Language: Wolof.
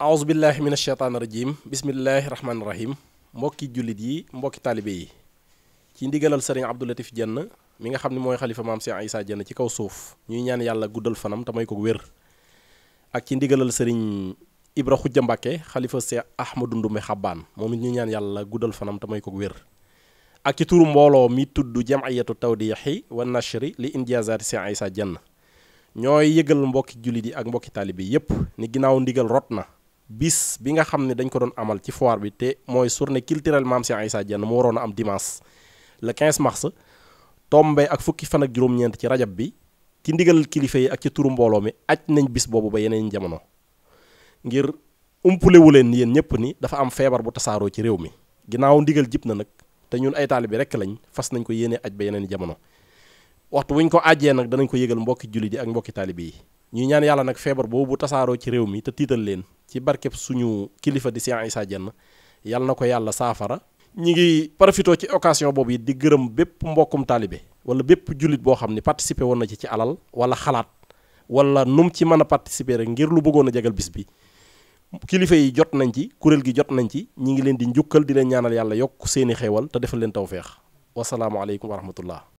aouzu billah min asheytaan rajim bismillahi rahmaani mbokki jullit yi mbokki taalibe yi ci ndigalal sëriñ abdoulatif jenn mi nga xam ne mooy xalifa maam Cheikh Issa jenn ci kaw suuf ñuy ñaan yàlla guddal fanam te may ko wér ak ci ndigalal sëriñ ibra xujja xalifa Cheikh ahmadu ndumbe xabbaan moom it ñaan yàlla guddal fanam te ko wér ak ci turu mbooloo mi tudd jamiyatu tawdiixi wa nashri india injaazaati Cheikh Issa jenn ñooy yëgal mbokki jullit yi ak mbokki taalibe yi yépp ni ginnaaw ndigal rot na bis bi nga xam ne dañ ko doon amal ci foire bi te mooy journée culturelle Mame Cheikh Issa Diène mu waroon a am dimanche le 15 mars tombé ak fukki fan ak juróom-ñeent ci rajab bi ci ndigal kilifa yi ak ci turu mbooloo mi aj nañ bis boobu ba yeneen jamono ngir umpulewu leen yéen ñëpp ni dafa am feebar bu tasaaroo ci réew mi ginnaaw ndigal jib na nag te ñun ay taalibe rekk lañ fas nañ ko yéenee aj ba yeneen jamono waxtu wuñ ko ajjee nag danañ ko yëgal mbokki jullit ak mbokki taalibe yi ñuy ñaan yàlla nag feebar boobu tasaaroo ci réew mi te tiital leen ci barkeb suñu kilifa di Cheikh Issa Diène yal na ko yàlla saafara ñi ngi profité ci occasion boobu it di gërëm bépp mbokkum taalibe wala bépp jullit boo xam ne participé woon na ci ci alal wala xalaat wala nu mu ci mën a participer rek ngir lu bëggoon a jagal bis bi kilifa yi jot nañ ci kuréel gi jot nañ ci ñi ngi leen di njukkal di leen ñaanal yàlla yokk seeni xéewal te defal leen tawféex wasalaamualeykum wa rahmatullah